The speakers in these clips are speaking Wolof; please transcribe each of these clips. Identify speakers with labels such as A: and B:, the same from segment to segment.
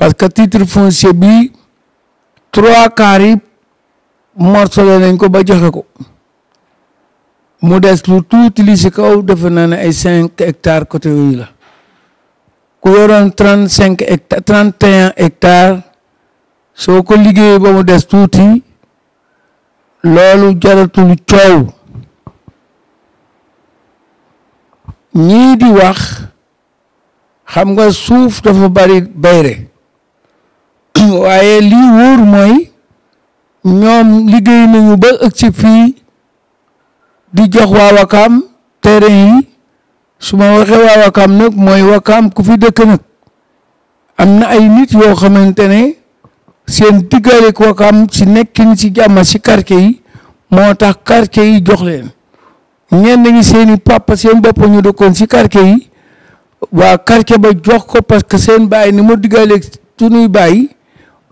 A: parce que titre foncier bi trois quarts yi morcelé nañ ko ba joxe ko mu des lu tuuti li si kaw defe naa ne ay cinq hectares côté yooyu la ku yoroon trente cinq hectares trente et soo ko liggéeyee ba mu des tuuti loolu jaratul coow ñii di wax xam nga suuf dafa bari bayre waaye lii wóor mooy ñoom liggéey nañu ba ëg fii di jox waa Wakaam terrain yi su ma waxee waa Wakaam nag mooy Wakaam ku fi dëkk nag am na ay nit yoo xamante ne seen diggaaleek Wakaam si nekkin si jàmm si quartier yi moo tax quartier yi jox leen ñenn ñi seeni papa seen bopp ñu dëkkoon si quartier yi waa quartier ba jox ko parce que seen baay ni mu diggaaleek sunuy baay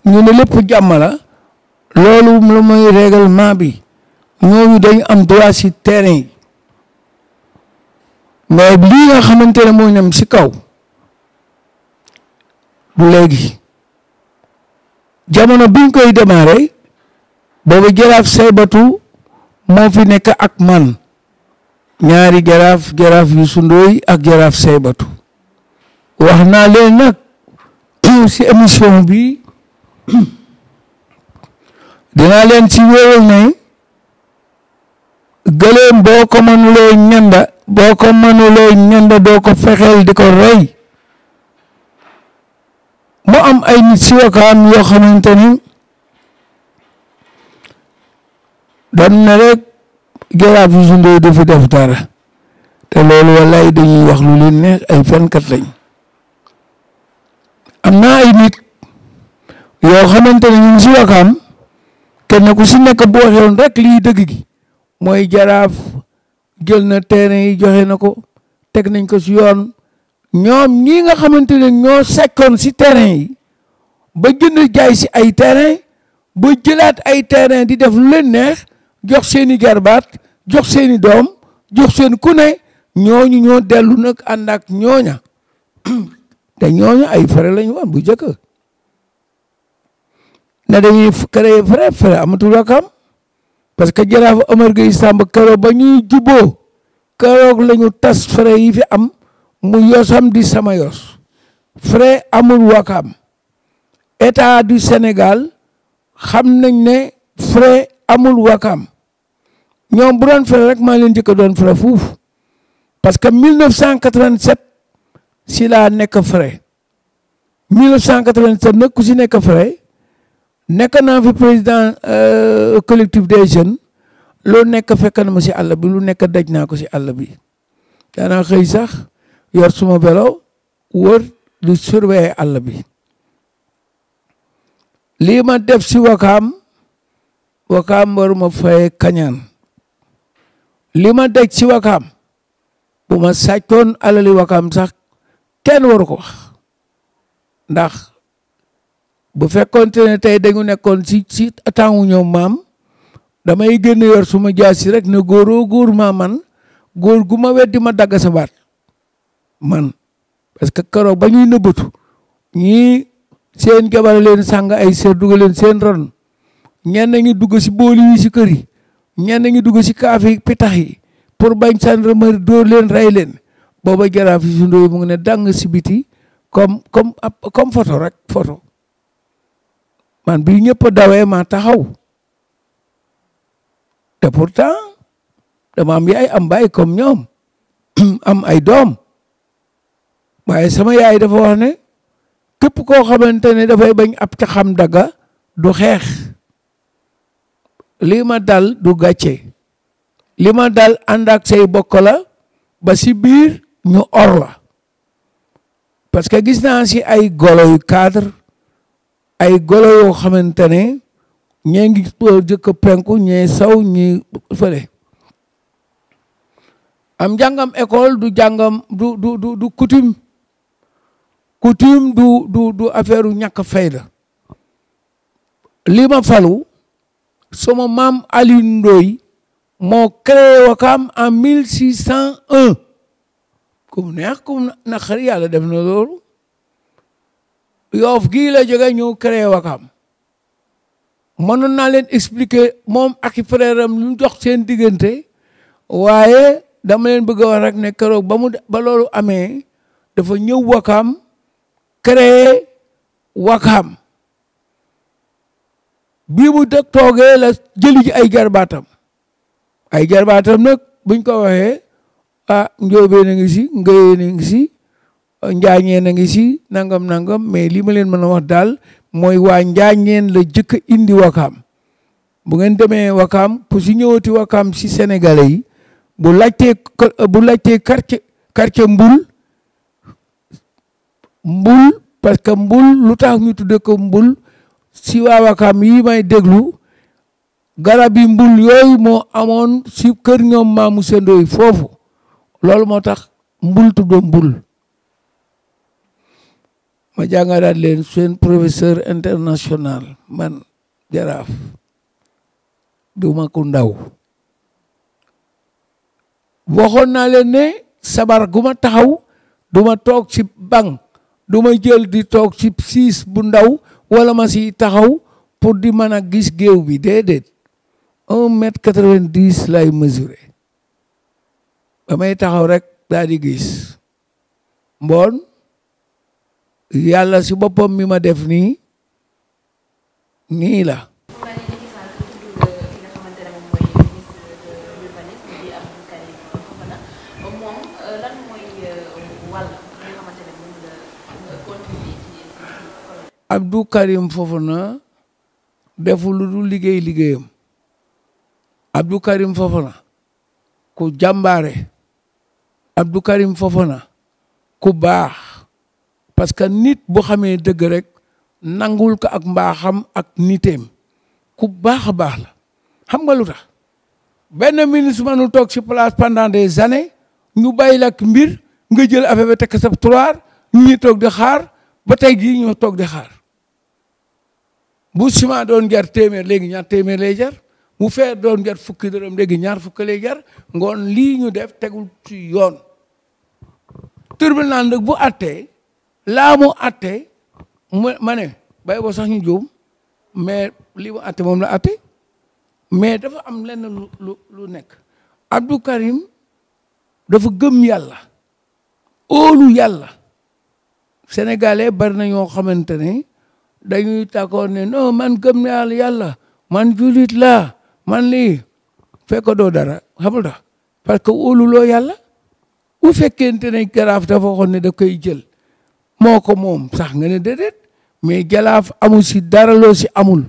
A: ñu ne lépp jàmm la loolu la mooy règlement bi ñooñu dañ am droit si terrain yi mais lii nga xamante ne moo ñam si kaw du léegi jamono biñ koy démarré boobu jaraaf saybatu moo fi nekk ak man ñaari jaraaf jaraaf yu sundooy ak jaraaf saybatu wax naa leen nag si émission bi dinaa leen ci wéyal ne gëléem boo ko mënuloo ñanda boo ko mënuloo ñanda doo ko fexeel di ko rey mu am ay nit si wakaam yoo xamante ni dañ rek jaraaf Youssou Ndoye dafa def dara te loolu wallaay dañuy wax lu ay fenkat lañ am na ay nit yoo xamante ne ñun si wakaam kenn ku si nekk boo xewoon rek lii dëgg gi mooy jaraaf jël na terrain yi joxe na ko teg nañ ko si yoon ñoom ñii nga xamante ne ñoo sekkoon si terrain yi ba jënd jaay si ay terrain ba jëlaat ay terrain di def lu leen neex jox seen i garbaat jox seeni doom jox seen ku ne ñooñu ñoo dellu nag ànd ak ñooña te ñooñu ay fere lañu woon bu jëkk ne dañuy créer frère frère amatul ak am parce que jaraaf Omar Gueye Samb keroog ba ñuy juboo keroog la ñu tas yi fi am mu yosam di sama yos frère amul wakaam état du senegal xam nañ ne frère amul wakaam ñoom bu doon frère rek maa leen njëkk a doon frère fuuf parce que 1987 si laa nekk frère 1987 nag ku si nekk frère nekk naa fi président euh, collectif des jeunes loo nekk fekk na si àll bi lu nekk daj naa ko si àll bi daanaa xëy sax yor suma vélo wër du surveiller àll bi lii ma def si wakaam wakaam ma faye kañaan li ma daj si wakaam bu ma sàccoon alali wakaam sax kenn waru ko wax ndax bu fekkonte ne tey dañu nekkoon si si temps ñoom maam damay génn yor suma jaasi rek ne góoroo góor maa man góor gu ma weddi ma dagg sa man parce que keroog ba ñuy nëbbatu ñii seen jabar leen sàng ay seer dugal leen seen ron ñenn ñi dugg si booli si kër yi ñenn ñi dugg si kaafi pitax yi pour bañ seen remar dóor leen rey leen booba jaraaf yi sundooyu mu ngi ne dàng si biti comme comme comme photo rek photo man bi ñëpp dawee maa taxaw te pourtant dama am yaay am baay comme ñoom am ay doom waaye sama yaay dafa wax ne képp koo xamante ne dafay bañ ab ca xam daga du xeex li ma dal du gàcce li ma dal ànd sey say ba si biir ñu orwa la gis naa si ay golo yu ay golo yoo xamante ne ñee ngi jëkk penku ñee saw ñi fële am jàngam école du jàngam du du du du coutume du du du affaire u ñàkk fayda li ma falu sama maam Aliou Ndoye moo créé Wakaam en 1601 ku mu neex ku mu naqari yàlla def na loolu yoof gii la jóge ñëw créé Wakam mënoon naa leen expliquer moom ak i frère am lu dox seen diggante waaye dama leen bëgg a wax rek ne keroog ba mu ba loolu amee dafa ñëw Wakam créé Wakam bii mu dëkk toogee la jëli ji ay jarbaatam ay jarbaatam nag buñ ko waxee ah, a njóobee na ngi si ngëyee na ngi si njaañeen a ngi si nangam nangam mais li ma leen mën a wax daal mooy waa njaañeen la jëkk a indi wakaam bu ngeen demee wakaam pour si ñëwati wakaam si sénégalais yi bu laajtee bu mbul mbul parce que mbul lu tax ñu tudde ko mbul si waa wakaam yi may déglu garabi yi mbul yooyu moo amoon si kër ñoom maamu sendooy foofu loolu moo tax mbul tuddo mbul ma jàngalaat leen seen professeur international man jaraaf duma ku ndaw waxoon naa leen ne sabar gu ma taxaw duma toog ci bank du ma jël di toog ci siis bu ndaw wala ma si taxaw pour di mën a gis géew bi déedéet un mètre quatre vingt lay mesuré ba may taxaw rek daa di gis mboon yàlla si boppam mi ma def nii nii la. Abdou Karim Fofana defu lu dul liggéey liggéeyam Abdou Karim Fofana ku jàmbaare Abdou Karim fofona ku baax. parce que nit bu xamee dëgg rek nangul ko ak mbaaxam ak niteem ku baax a baax la xam nga lu tax benn ministre manu toog ci place pendant des années ñu bàyyi la ak mbir nga jël affaire ba tekk sa tiroir ñu toog di xaar ba tey jii ñoo toog di xaar bu sima doon jar téeméer léegi ñaar téeméer lay jar mu fee doon jar fukki dërëm léegi ñaar fukki lay jar ngoon lii ñu def tegul ci yoon tribunal nag bu attee laa mu atte mu ma ne bay boo sax ñu juum mais lii mu atte moom la atte mais dafa am lenn lu lu lu nekk Abdou dafa gëm yàlla óolu yàlla sénégalais bari na ñoo xamante ne dañuy tàkkoon ne non man gëm naa yàlla man julit la man lii fekk doo dara xamul tax parce que loo yàlla bu fekkente ne garaaf dafa waxoon ne da koy jël moo ko moom sax nga ne déedéet mais jalaaf amul si dara amul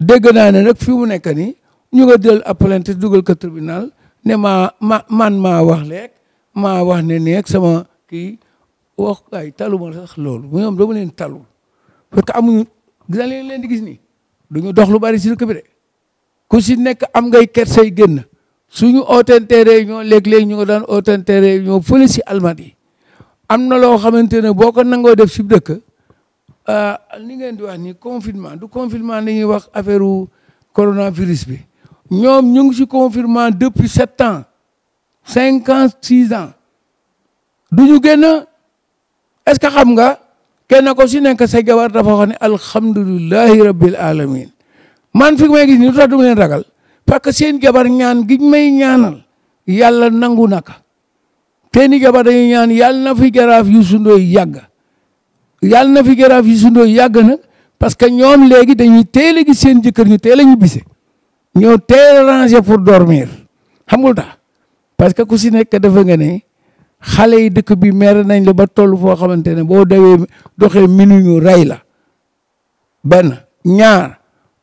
A: dégg naa ne nag fi mu nekk nii ñu nga jël ab plainte dugal ko tribunal ne maa ma man maa wax leeg maa wax ne neeg sama kii wax ay talu ma sax loolu ñoom dama leen talul parce que amuñu dina leen leen di gis ni duñu dox lu bari si dëkk bi ku si nekk am ngay kersay génn suñu ootentee réunion léeg-léeg ñu nga daan ootentee réunion fële si almadi am na loo xamante ne boo ko nangoo def si dëkk ah, li ngeen di wax ni confinement du confinement la ñuy wax affaire coronavirus bi ñoom ñu ngi si confinement depuis sept ans cinq ans six ans du ñu génn est-ce que xam nga kenn ko si nekk sa jabar dafa wax ne alhamdulilahi rabbil alamin man fi may gis ni lu tax du ragal parce que seen jabar ñaan giñ may ñaanal yàlla nangu naka Tenny Gabar dañuy ñaan yàlla na fi Jaraaf Youssou Ndoye yàgg yàlla na fi Jaraaf Youssou Ndoye yàgg na parce que ñoom léegi dañuy teel a seen jëkkër ñu teel a ñu bise ñoo teel ranger pour dormir xam nga lu tax parce que ku si nekk dafa nga ne xale yi dëkk bi mer nañ le ba toll foo xamante ne boo dawee doxee minu ñu rey la benn ñaar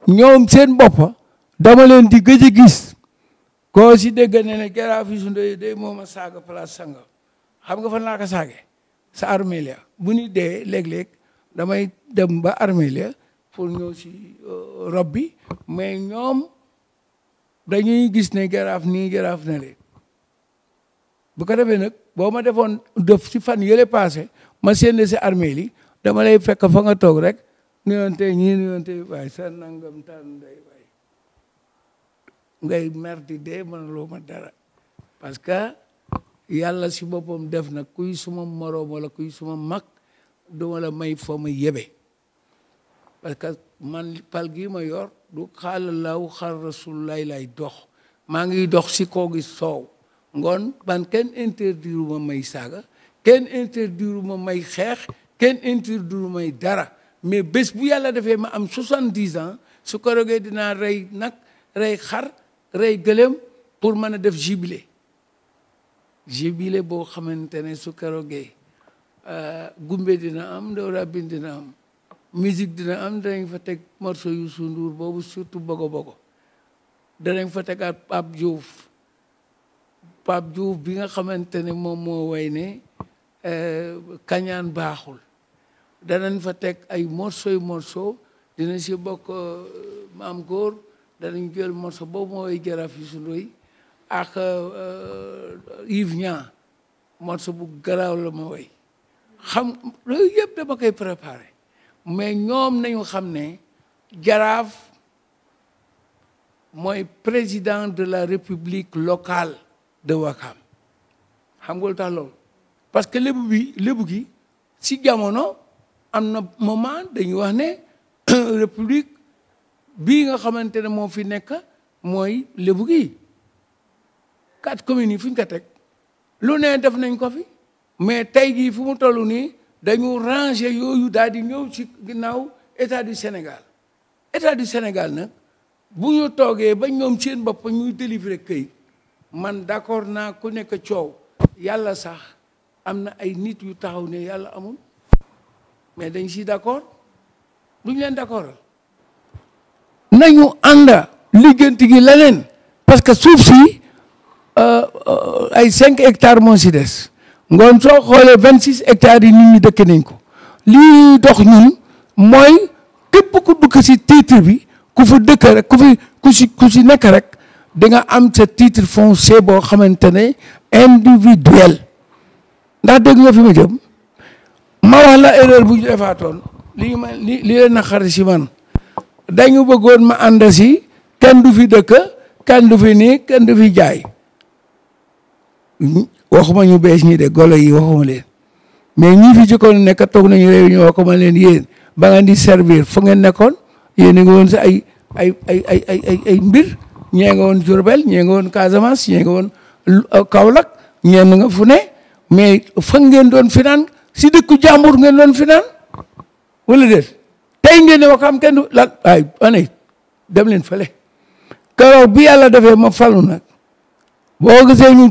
A: ñoom seen boppa dama leen di gëj gis ko si dégg ne ne jaraaf Youssou Ndoye day moom a saaga place sanga xam nga fa laa ko saage sa armélia bu ñu dee léeg-léeg damay dem ba armélia pour ñëw si euh, rob bi mais da ñuy gis ne jaraaf nii jaraaf na bu ko defee nag boo ma defoon def si fan yële passé ma séen si armée li dama lay fekk fa nga toog rek nuyonte ñii nuyonte waaye sa nangam tan day ngay mer di dee mënuloo ma dara parce que yàlla si boppam def na kuy suma moroom wala kuy suma mag duma la may foo ma yebe parce que man pal gi ma yor du xaala laaw xaal rasululaay lay dox maa ngi dox si koo gi soow ngoon ban kenn interdiru ma may saaga kenn interdiru ma may xeex kenn interdiru may dara mais bés bu yàlla defee ma am soixante-dix ans su ko rogee dinaa rey nag rey xar rey gëléem pour mën a def jubilé jubilé boo xamante ne su karogee euh, gumbe dina am ndaw rabin dina am musique dina am danañ fa teg morceau yu sunduur boobu surtout bogo bogo danañ fa teg at Pape Diouf Pape Diouf bi nga xamante ne moom moo way ne euh, kañaan baaxul danañ fa teg ay morceau yu morceau dina si bokk euh, maam góor danañ jël morceau boobu mooy jaraaf Youssou Ndoye ak euh, euh, Yves Niang morceau bu garaaw la ma woy xam loolu yëpp dama koy préparé mais ñoom nañu xam ne jaraaf mooy président de la république locale de Wakam xam nga lu parce que lébu bi gi si jamono am na moment dañuy wax ne république bii nga xamante ne moo fi nekk mooy lébu gi quatre communes yi fu ñu ko teg lu ne def nañ ko fi mais tey jii fu mu toll nii dañu range yooyu daal di ñëw ci ginnaaw état du Sénégal état du Sénégal na bu ñu toogee ba ñoom seen bopp ñuy délivrer këy man d'accord naa ku nekk coow yàlla sax am na ay nit yu taxaw ne yàlla amul mais dañ si d'accord duñ leen d'accord nañu ànd liggéenti gi leneen parce que suuf si euh, euh, ay cinq hectares moo si des ngoon soo xoolee vingt six hectares yi nit ñi dëkk nañ ko lii dox ñun mooy képp ku dugg si titre bi ku fa dëkk rek ku fi ku si ku nekk rek di am sa titre foncier boo xamante ne individuel ndax dégg nga fi ma jëm ma wax la erreur bu ñu defaatoon lii ma li li leen naqari si man dañu bëggoon ma ànd si kenn du fi dëkk kenn du fi nii kenn du fi jaay waxuma ñu bees ñi de golo yi waxuma leen mais ñi fi jëkkoon nekk toog nañu réunion ko leen yéen ba ngeen di servir fu ngeen nekkoon yéen a woon si ay ay ay ay ay ay mbir ñee nga woon Diourbel ñee nga woon Casamance ñee nga woon euh, Kaolack ñeen nga fu ne mais fa ngeen doon finaan si dëkku jàmbur ngeen doon finaan wala déet tey ngeen ne Wakaam kenn du lan waay anay dem leen fële keroog bi yàlla defee ma falu nag boo gisee ñu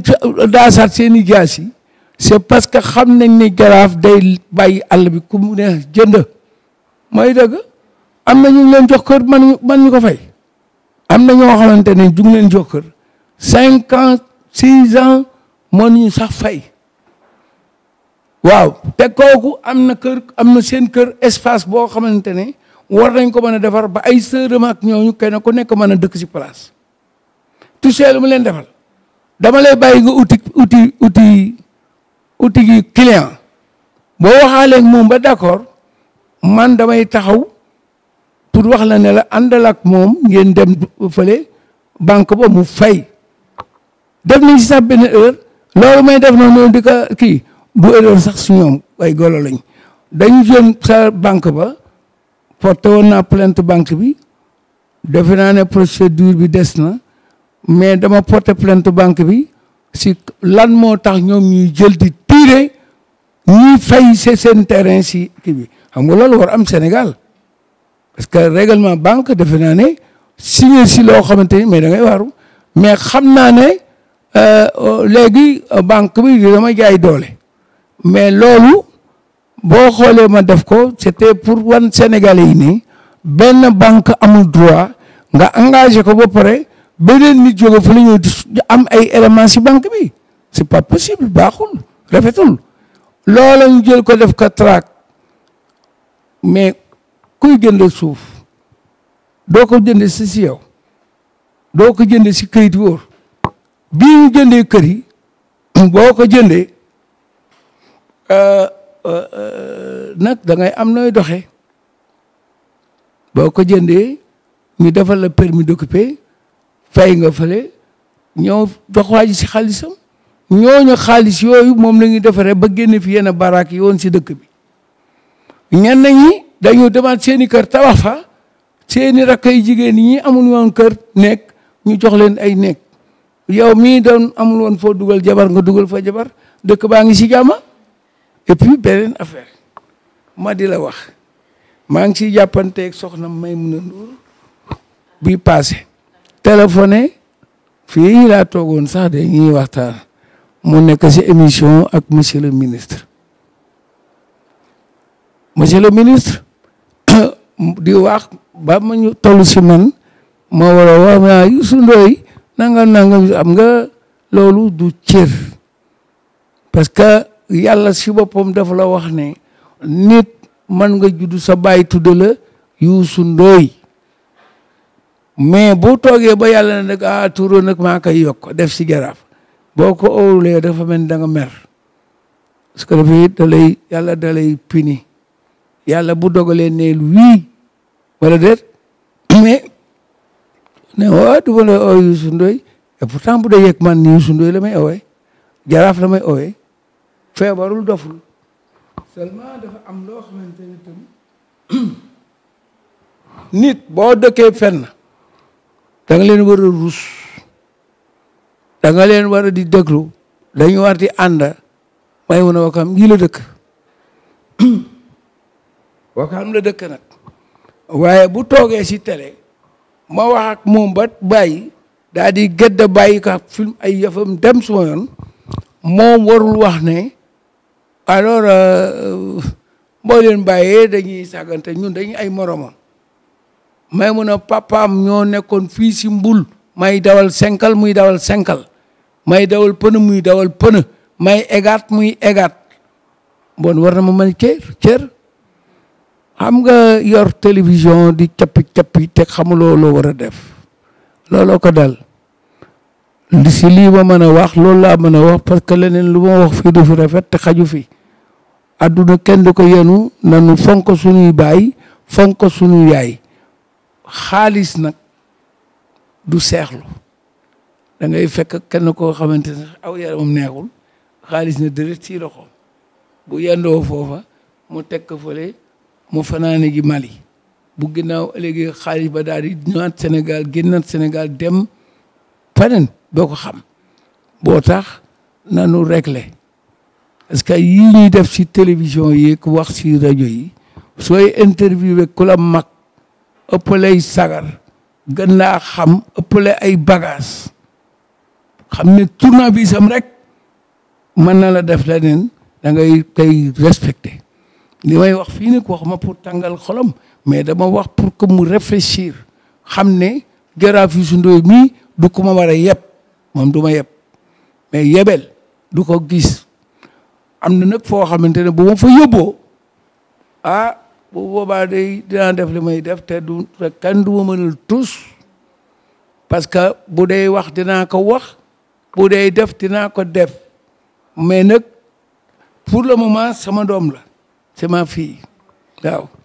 A: daasaat seen i jaas yi c'est parce que xam nañ ni garaaf day bàyyi àll bi ku mu ne jënd mooy dëgg am na ñu leen jox kër man man ñu ko fay am na ñoo xamante ne ju leen jox kër cinq ans six ans ñu sax fay waaw te kooku am na kër am na seen kër espace boo xamante ne war nañ ko mën a defar ba ay sërëm ak ñooñu kenn ku nekk mën a dëkk si place touché lu mu leen defal dama lay bàyyi nga uti uti uti uti gi client boo waxaalee moom ba d'accord man damay taxaw pour wax la ne la àndal ak moom ngeen dem fële banque ba mu fay def nañ si sax benn heure loolu may def noonu di ka kii bu erreur sax si ñoom ay golo lañ dañ jëm sa banque ba porté woon naa plainte banque bi defe naa ne procédure bi des na mais dama porté plainte banque bi si lan moo tax ñoom ñuy jël di tiire ñuy fay seen terrain si kii bi xam nga loolu war am Sénégal parce que règlement banque defe naa ne signé si loo xamante ni mais da ngay waaru mais xam naa ne euh, léegi banque bi damay jaay doole. mais loolu boo xoolee ma def ko c'était pour wan Sénégalais yi nii benn banque am droit nga engagé ko ba pare beneen nit jóge fa la am ay éléments banque bi c'est pas possible baaxul rafetul loola ñu ko def ko traque mais kuy jënd suuf doo ko jënd si si doo ko jënd si këyit wóor bii ñu jëndee kër yi boo ko jëndee Euh, euh, euh, nag dangay am nooy doxe boo ko jëndee ñu defal la permis d'occuper fay nga fale ñoo waaj waa ji si xaalisam ñooñu xaalis yooyu moom la ñuy defaree ba génne fi yenn baraak yi woon si dëkk bi ñenn ñi dañu demaat seeni kër tabax fa seeni rakk yi jigéen ñi amul woon kër nekk ñu jox leen ay nekk yow mii doon amul woon foo dugal jabar nga dugal fa jabar dëkk baa ngi si jàmm et puis affaire ma di la wax maa ngi ciy jàppanteek soxna may mun a nduur bi passé téléphoné fii laa toogoon sax de ñuy waxtaan mu nekk si émission ak monsieur le ministre monsieur le ministre di wax ba ma ñu toll si man ma war a wax ma ah, Youssou Ndoye nangam nangam am nga loolu du cër parce que yàlla si boppam dafa la wax ne nit man nga juddu sa baay tudde la Yuusu Ndooy mais boo toogee ba yàlla ne nag ah tuuroo nag maa koy yokk def si jaraaf boo ko óolulee dafa mel da nga mer parce que dafa it yàlla da lay pini yàlla bu dogalee neel wii wala déet mais ne du ma la oo Yuusu Ndooy et pourtant bu dee yegg man ni Yuusu Ndooy la may owee jaraaf la may owee feebarul doful seulement dafa am loo nit boo dëkkee fenn da nga leen war a ruus leen war di déglu dañu war di ànd may mun a wakaam dëkk wakaam la dëkk nag waaye bu toogee si télé ma wax moom ba bàyyi daa di gëdd bàyyi ka film ay yëfam dem suma yoon moom warul wax ne alors euh, boo leen bàyyee dañuy sàggante ñun dañuy ay moromam may mun a papaam ñoo nekkoon fii si mbul may dawal senkal muy dawal senkal may dawal pënë muy dawal pënë may egaat muy egaat bon war na ma mën cër cër xam nga yor télévision di cappi cappi te xamuloo loo war a def looloo ko dal li si lii ma mën a wax loolu laa mën a wax parce que leneen lu ma fii du fi rafet te xaju fi adduna kenn du ko yenu nanu fonk suñuy baay fonk suñu yaay xaalis nag du seexlu da fekk kenn koo xamante ne aw yaramam neexul xaalis na dërët ci loxoom bu yendoo foofa mu teg ko fële mu fanaane gi Mali bu ginnaaw léegi xaalis ba daal di ñëwaat Sénégal génnaat Sénégal dem feneen doo ko xam boo tax nanu réglé parce que yii ñuy def si télévision yi ku wax si rajo yi sooy interviewé ku la mag ëppalay sagar gën laa xam ëppale ay bagaas xam ne tournant bi rek mën na la def leneen da ngay kay respecté li may wax fii nag ma pour tàngal xolam mais dama wax pour que mu réfléchir xam ne jaraaf Youssou Ndoye mii du ko ma war yeb moom du ma yeb mais yebel du ko gis am na nag foo xamante ne bu ma fa yóbboo ah bu boobaa day dinaa def li may def te du rek kenn du tus parce que bu dee wax dinaa ko wax bu dee def dinaa ko def mais nag pour le moment sama doom la c'est ma fille waaw